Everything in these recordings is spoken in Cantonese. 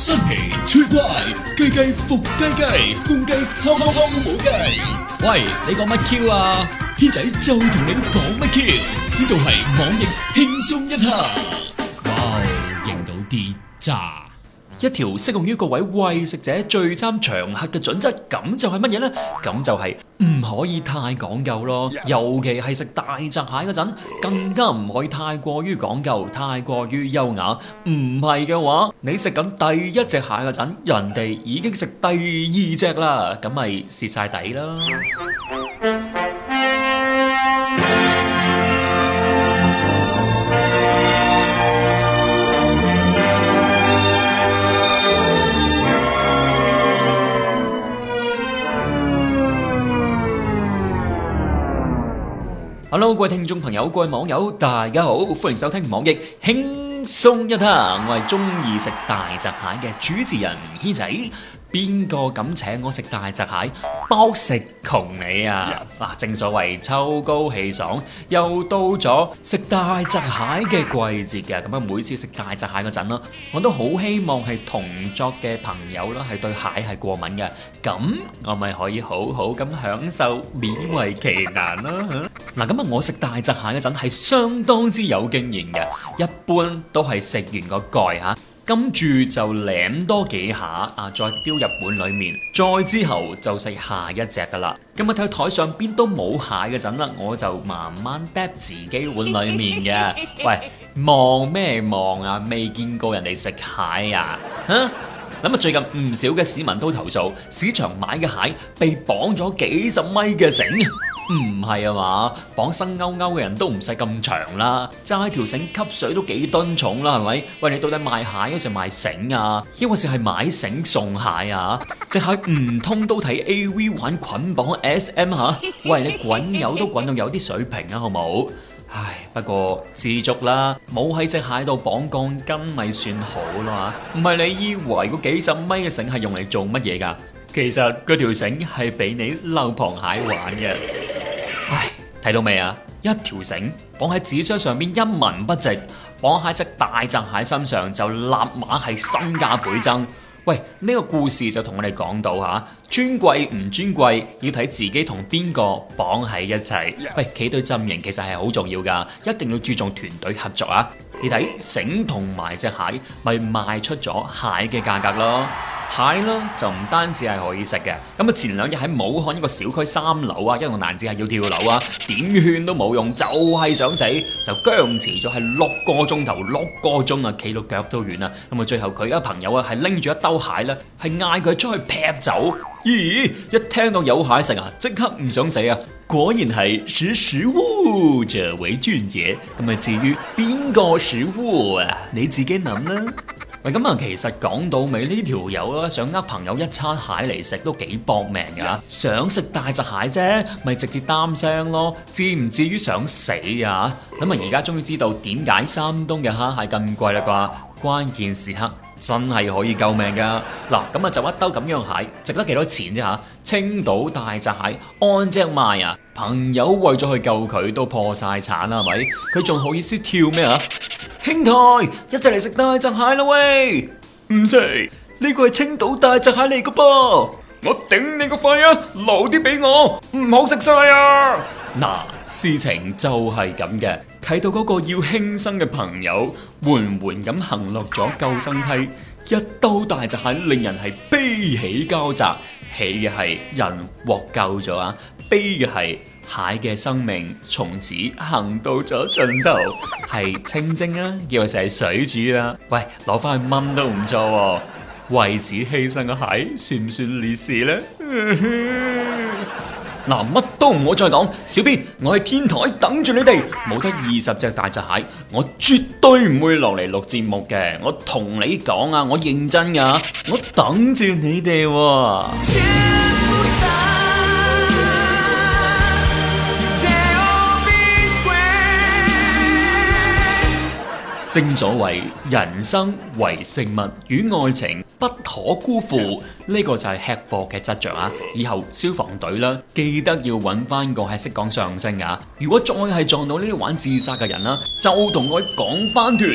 新奇、趣怪、雞雞伏雞雞，公雞扣扣扣冇雞。喂，你講乜 Q 啊？軒仔就同你講乜 Q？呢度係網易輕鬆一刻，哇，認到啲渣。一條適用於各位餵食者聚餐長客嘅準則，咁就係乜嘢呢？咁就係唔可以太講究咯，Yes. 尤其係食大閘蟹嗰陣，更加唔可以太過於講究，太過於優雅。唔係嘅話，你食緊第一隻蟹嗰陣，人哋已經食第二隻啦，咁咪蝕晒底啦。Hello，各位聽眾朋友，各位網友，大家好，歡迎收聽網易輕鬆一刻，我係中意食大閘蟹嘅主持人軒仔。邊個敢請我食大隻蟹？包食窮你啊！嗱，Yes. 正所謂秋高氣爽，又到咗食大隻蟹嘅季節嘅、啊，咁啊每次食大隻蟹嗰陣啦，我都好希望係同桌嘅朋友啦係對蟹係過敏嘅，咁我咪可以好好咁享受，勉為其難咯、啊。嗱、 啊，咁啊我食大隻蟹嗰陣係相當之有經驗嘅，一般都係食完個蓋嚇、啊。跟住就舐多幾下啊，再丟入碗裏面，再之後就食下一隻噶啦。咁啊睇台上邊都冇蟹嘅陣啦，我就慢慢嗒自己碗裏面嘅。 喂，望咩望啊？未見過人哋食蟹啊？嚇、啊！諗下最近唔少嘅市民都投訴，市場買嘅蟹被綁咗幾十米嘅繩。唔係啊嘛，綁生勾勾嘅人都唔使咁長啦，揸條繩吸水都幾噸重啦，係咪？喂，你到底賣蟹嘅定賣繩啊？抑或係買繩送蟹啊？隻蟹唔通都睇 AV 玩捆綁 SM 吓？喂，你滾油都滾到有啲水平啊，好冇？唉，不過知足啦，冇喺隻蟹度綁鋼筋咪算好啦嘛。唔係你以為嗰幾十米嘅繩係用嚟做乜嘢㗎？其實嗰條繩係俾你撈螃蟹玩嘅。睇到未啊？一條繩綁喺紙箱上面，一文不值，綁喺隻大閘蟹身上就立馬係身價倍增。喂，呢、這個故事就同我哋講到嚇，尊貴唔尊貴要睇自己同邊個綁喺一齊。Yes. 喂，企隊陣型其實係好重要㗎，一定要注重團隊合作啊！你睇，繩同埋隻蟹咪賣出咗蟹嘅價格咯，蟹啦就唔單止係可以食嘅，咁啊前兩日喺武漢一個小區三樓啊，一個男子係要跳樓啊，點勸都冇用，就係想死，就僵持咗係六個鐘頭，六個鐘啊，企到腳都軟啦，咁啊最後佢嘅朋友啊係拎住一兜蟹咧，係嗌佢出去劈走。咦，一聽到有蟹食啊，即刻唔想死啊！果然係識食物者為俊傑。咁咪至於邊個食物啊？你自己諗啦。咁啊、嗯，其實講到尾呢條友啦，這個、想呃朋友一餐蟹嚟食都幾搏命噶，Yes. 想食大隻蟹啫，咪直接擔聲咯，至唔至於想死呀？咁啊，而家終於知道點解山東嘅蝦蟹咁貴啦啩？關鍵時刻真係可以救命噶嗱，咁啊就一兜咁樣蟹，值得幾多錢啫、啊、吓？青島大閘蟹安隻賣啊！朋友為咗去救佢都破晒產啦，係咪？佢仲好意思跳咩啊？兄台，一齊嚟食大閘蟹啦喂！唔食呢個係青島大閘蟹嚟噶噃，我頂你個肺啊！留啲俾我，唔好食晒啊！嗱，事情就係咁嘅。睇到嗰個要輕生嘅朋友緩緩咁行落咗救生梯，一刀大閘蟹令人係悲喜交集，喜嘅係人獲救咗啊，悲嘅係蟹嘅生命從此行到咗盡頭，係清蒸啊，以為成係水煮啦，啊，喂，攞翻去燜都唔錯，啊，為此犧牲嘅蟹算唔算烈士咧？ 嗱，乜、啊、都唔好再講，小編，我喺天台等住你哋，冇得二十隻大閘蟹，我絕對唔會落嚟錄節目嘅，我同你講啊，我認真噶、啊，我等住你哋、啊。正所謂人生為食物，與愛情不可辜負，呢、這個就係吃貨嘅執著啊！以後消防隊啦，記得要揾翻個係識講相聲嘅。如果再係撞到呢啲玩自殺嘅人啦、啊，就同我講翻段：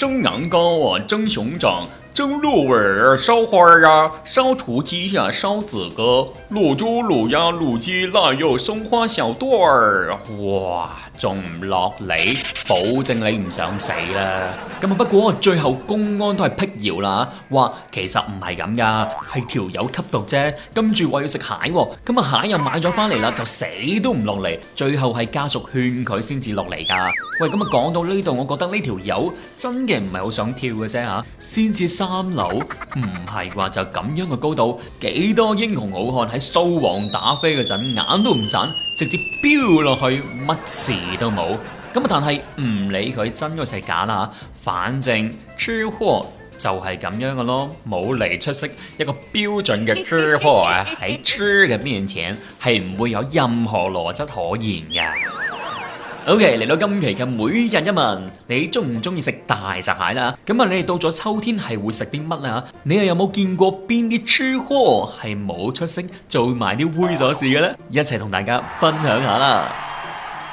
蒸羊羔啊，蒸熊掌，蒸鹿尾啊，燒花啊，呀，燒雛雞呀，燒子鴿，鹵豬鹵鴨鹵雞臘肉松花小段兒，哇！仲唔落嚟？保證你唔想死啦！咁啊，不過最後公安都係辟謠啦嚇，話其實唔係咁噶，係條友吸毒啫。跟住話要食蟹，啊，咁啊蟹又買咗翻嚟啦，就死都唔落嚟。最後係家屬勸佢先至落嚟噶。喂，咁啊講到呢度，我覺得呢條友真嘅唔係好想跳嘅啫嚇，先至三樓，唔係啩？就咁樣嘅高度，幾多英雄好漢喺掃黃打非嗰陣眼都唔眨，直接飆落去乜事？都冇，咁啊！但係唔理佢真嘅定係假啦，反正吃貨就係咁樣嘅咯，冇嚟出息，一個標準嘅吃貨啊！喺吃嘅面前係唔會有任何邏輯可言嘅。OK，嚟到今期嘅每日一問，你中唔中意食大閘蟹啦？咁啊，你哋到咗秋天係會食啲乜啊？你又有冇見過邊啲吃貨係冇出息，做埋啲猥瑣事嘅咧？一齊同大家分享下啦！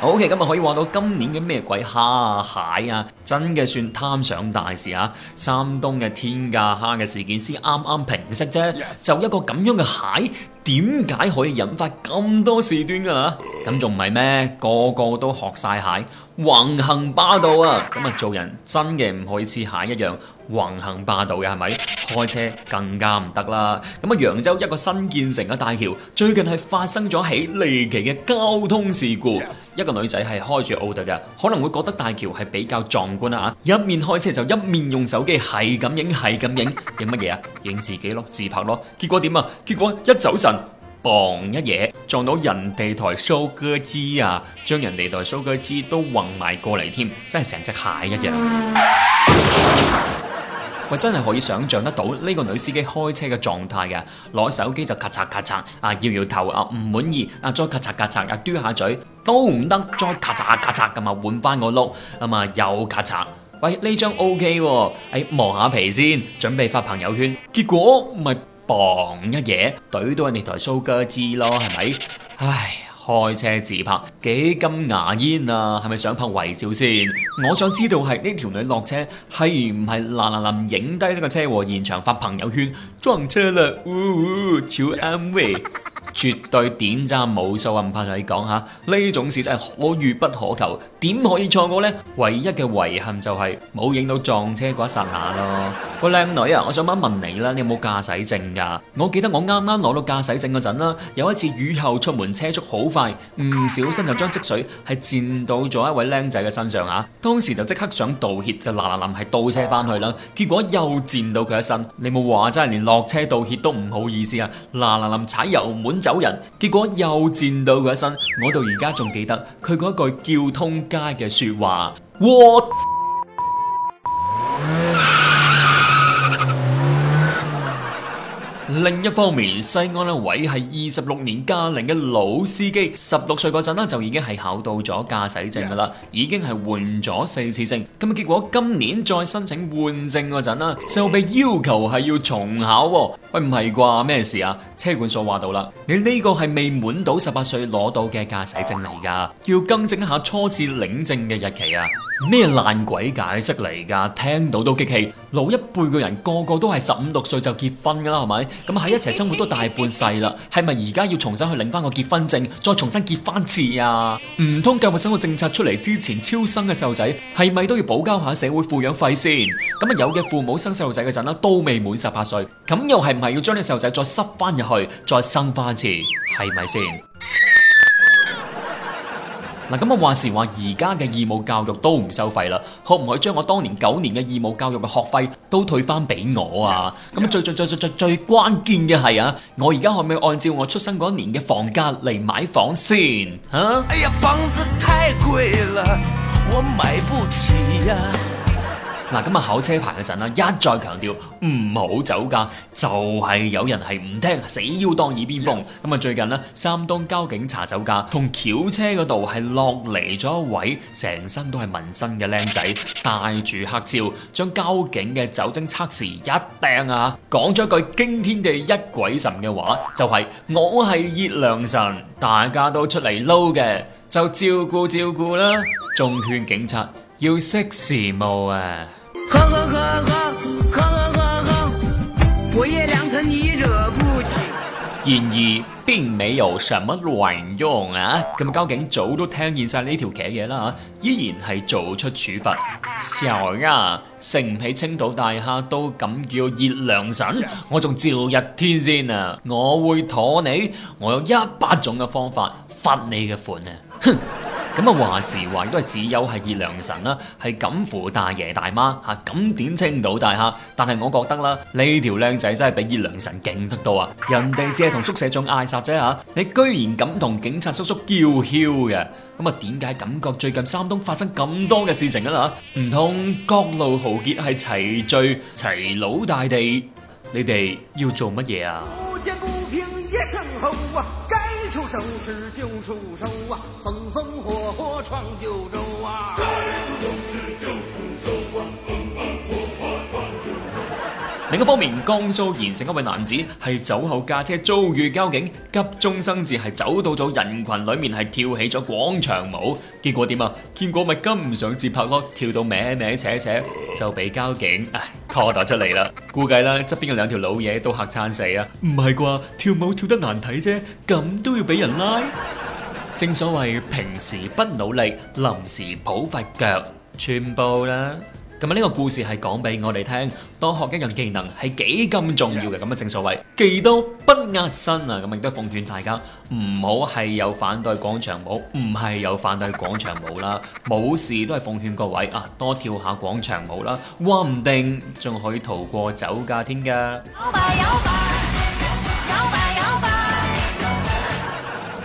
Ok，今日可以話到今年嘅咩鬼蝦啊蟹啊，真嘅算貪上大事啊！山東嘅天價蝦嘅事件先啱啱平息啫，Yes. 就一個咁樣嘅蟹。點解可以引發咁多事端噶吓？咁仲唔係咩？個個都學晒蟹橫行霸道啊！咁啊做人真嘅唔可以似蟹一樣橫行霸道嘅係咪？開車更加唔得啦！咁啊揚州一個新建成嘅大橋，最近係發生咗起離奇嘅交通事故。Yes. 一個女仔係開住奧迪嘅，可能會覺得大橋係比較壯觀啊。一面開車就一面用手機係咁影係咁影影乜嘢啊？影自己咯，自拍咯。結果點啊？結果一走神嘣一嘢撞到人哋台收割機啊，將人哋台收割機都橫埋過嚟添，真係成隻蟹一樣。嗯、喂，真係可以想象得到呢、這個女司機開車嘅狀態嘅、啊，攞手機就咔嚓咔嚓，啊搖搖頭啊唔滿意，啊再咔嚓咔嚓，啊嘟下嘴都唔得，再咔嚓咔嚓咁啊換翻個碌，咁、啊、嘛，又咔嚓。喂，呢張 OK，、啊、哎磨下皮先，準備發朋友圈。結果咪。放一嘢，懟到你台蘇哥知咯，係咪？唉，開車自拍幾咁牙煙啊，係咪想拍遺照先？我想知道係呢條女落車係唔係嗱嗱臨影低呢個車禍現場發朋友圈？撞車啦，嗚嗚，求安慰。Yes. 絕對點贊無數啊！唔怕同你講吓，呢種事真係可遇不可求，點可以錯過呢？唯一嘅遺憾就係冇影到撞車嗰一剎那咯。個靚女啊，我想問問你啦，你有冇駕駛證噶？我記得我啱啱攞到駕駛證嗰陣啦，有一次雨後出門，車速好快，唔小心就將積水係濺到咗一位靚仔嘅身上啊！當時就即刻想道歉，就嗱嗱臨係倒車翻去啦，結果又濺到佢一身。你冇話，真係連落車道歉都唔好意思啊！嗱嗱臨踩油門。走人，結果又濺到佢一身，我到而家仲記得佢嗰句叫通街嘅説話。What? 另一方面，西安呢位係二十六年駕齡嘅老司機，十六歲嗰陣呢就已經係考到咗駕駛證噶啦，Yes. 已經係換咗四次證。咁啊，結果今年再申請換證嗰陣呢，就被要求係要重考喎。喂，唔係啩？咩事啊？車管所話到啦，你呢個係未滿到十八歲攞到嘅駕駛證嚟噶，要更正一下初次領證嘅日期啊！咩爛鬼解釋嚟噶？聽到都激氣！老一輩嘅人個個都係十五六歲就結婚噶啦，係咪？咁喺一齊生活都大半世啦，係咪？而家要重新去領翻個結婚證，再重新結翻次啊？唔通計劃生育政策出嚟之前超生嘅細路仔，係咪都要補交下社會撫養費先？咁啊，有嘅父母生細路仔嗰陣啦，都未滿十八歲，咁又係唔係要將啲細路仔再塞翻入去，再生翻次，係咪先？嗱，咁啊話時話，而家嘅義務教育都唔收費啦，可唔可以將我當年九年嘅義務教育嘅學費都退翻俾我啊？咁 Yes. 最最最最最最關鍵嘅係啊，我而家可唔可以按照我出生嗰年嘅房價嚟買房先？吓！哎呀，房子太貴啦，我買不起嚇、啊！嗱，今日考車牌嗰陣啦，一再強調唔好酒駕，就係有人係唔聽，死要當耳邊風。咁啊，最近呢，山東交警查酒駕，同轎車嗰度係落嚟咗一位成身都係紋身嘅靚仔，戴住黑超，將交警嘅酒精測試一掟啊，講咗一句驚天地一鬼神嘅話，就係我係葉良辰，大家都出嚟撈嘅，就照顧照顧啦，仲勸警察要識時務啊！呵呵呵呵呵呵呵呵，我葉良辰你惹不起，然而，並沒有什麼卵用啊！咁啊，交警早都聽見晒呢條茄嘢啦，依然係做出處罰。笑啊，食唔起青島大蝦都咁叫熱良辰，我仲照日天先啊！我會妥你，我有一百種嘅方法罰你嘅款啊！哼。咁啊，話時話都係只有係葉良辰啦，係敢扶大爺大媽，吓敢點青島大蝦。但係我覺得啦，呢條靚仔真係比葉良辰勁得多啊！人哋只係同宿舍長嗌殺啫啊，你居然敢同警察叔叔叫囂嘅？咁啊，點解感覺最近山東發生咁多嘅事情啊？唔通各路豪傑係齊聚齊魯大地？你哋要做乜嘢啊？另一方面，江蘇鹽城一位男子係酒後駕車遭遇交警，急中生智係走到咗人群裏面係跳起咗廣場舞，結果點啊？結果咪跟唔上節拍咯，跳到歪歪斜斜就俾交警唉拖咗出嚟啦。估計啦，側邊嘅兩條老嘢都嚇慘死啊！唔係啩？跳舞跳得難睇啫，咁都要俾人拉？正所謂平時不努力，臨時抱佛腳，全部啦。咁啊，呢個故事係講俾我哋聽，多學一樣技能係幾咁重要嘅。咁啊，正所謂技多不壓身啊。咁亦都奉勸大家，唔好係有反對廣場舞，唔係有反對廣場舞啦。冇事都係奉勸各位啊，多跳下廣場舞啦，話唔定仲可以逃過酒駕添㗎。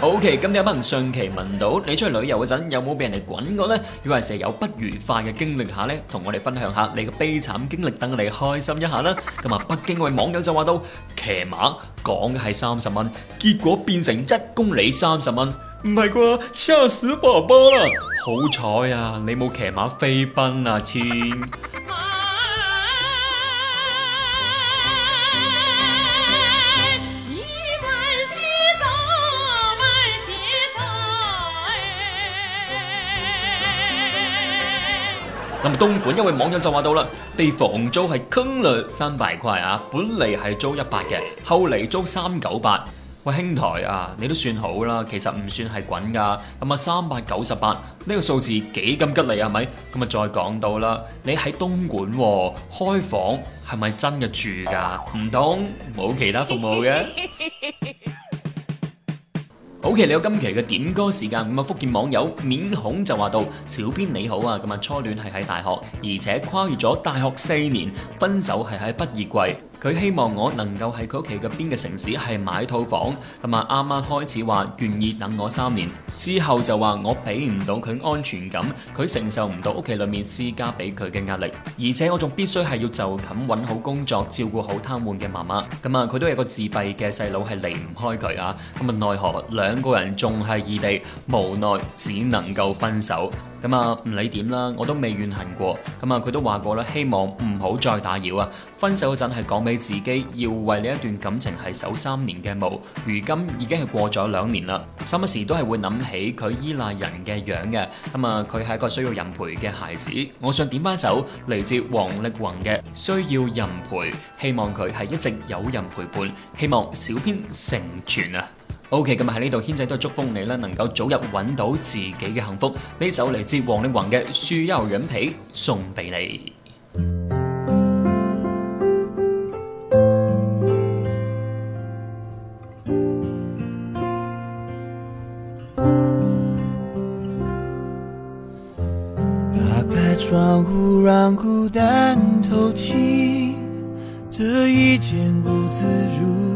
Ok，咁你有冇上期問到你出去旅遊嗰陣有冇俾人哋滾過呢？如果係成日有不愉快嘅經歷下呢，同我哋分享下你嘅悲慘經歷，等你開心一下啦。咁啊，北京位網友就話到騎馬講嘅係三十蚊，結果變成一公里三十蚊，唔係啩？吓死寶寶啦！好彩啊，你冇騎馬飛奔啊，千。東莞一位網友就話到啦，被房租係坑咗三百塊啊！本嚟係租一百嘅，後嚟租三九八。喂，兄台啊，你都算好啦，其實唔算係滾噶。咁啊，三百九十八呢個數字幾咁吉利啊？係咪咁啊，再講到啦，你喺東莞開房係咪真嘅住噶？唔通冇其他服務嘅？ 好嘅，你有今期嘅點歌時間。咁啊，福建網友面孔就話道：「小編你好啊，咁啊，初戀係喺大學，而且跨越咗大學四年，分手係喺畢業季。佢希望我能夠喺佢屋企嗰邊嘅城市係買套房，咁啊啱啱開始話願意等我三年，之後就話我俾唔到佢安全感，佢承受唔到屋企裏面施加俾佢嘅壓力，而且我仲必須係要就近揾好工作，照顧好癱瘓嘅媽媽，咁啊佢都有個自閉嘅細佬係離唔開佢啊，咁啊奈何兩個人仲係異地，無奈只能夠分手。咁啊，唔、嗯、理點啦，我都未怨恨過。咁、嗯、啊，佢都話過啦，希望唔好再打擾啊。分手嗰陣係講俾自己，要為呢一段感情係守三年嘅墓。如今已經係過咗兩年啦，心乜時都係會諗起佢依賴人嘅樣嘅。咁、嗯、啊，佢係一個需要人陪嘅孩子。我想點翻首嚟自王力宏嘅需要人陪，希望佢係一直有人陪伴，希望小編成全啊！O.K.，今日喺呢度，軒仔都祝福你啦，能夠早日揾到自己嘅幸福。呢首嚟自王力宏嘅《需要人陪》送俾你。打開窗戶，讓孤單透氣，這一間屋子如。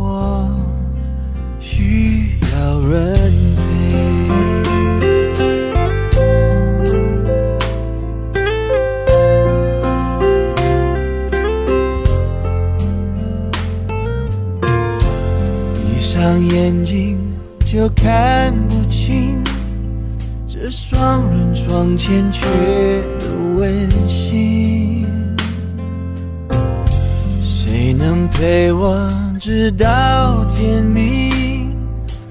人陪，閉上眼睛就看不清，這雙人床欠缺的溫馨。誰能陪我直到天明？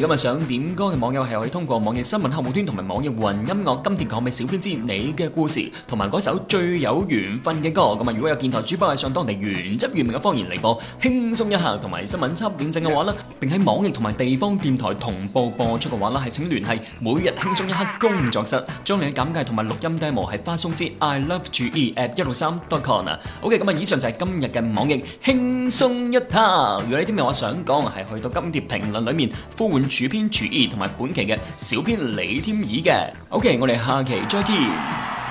咁啊，想點歌嘅網友係可以通過網易新聞客戶端同埋網易雲音樂跟帖講俾小編知你嘅故事同埋嗰首最有緣分嘅歌。咁啊，如果有電台主播係上當地原汁原味嘅方言嚟播，輕鬆一刻同埋新聞插見證嘅話咧，並喺網易同埋地方電台同步播出嘅話啦，係請聯繫每日輕鬆一刻工作室，將你嘅簡介同埋錄音 demo 喺發送至 I Love Joy App 163.com。OK，咁啊，以上就係今日嘅網易輕鬆一刻。如果你啲咩我想講，係去到跟帖評論裏面呼喚。主編徐儀同埋本期嘅小編李添儀嘅，OK，我哋下期再見。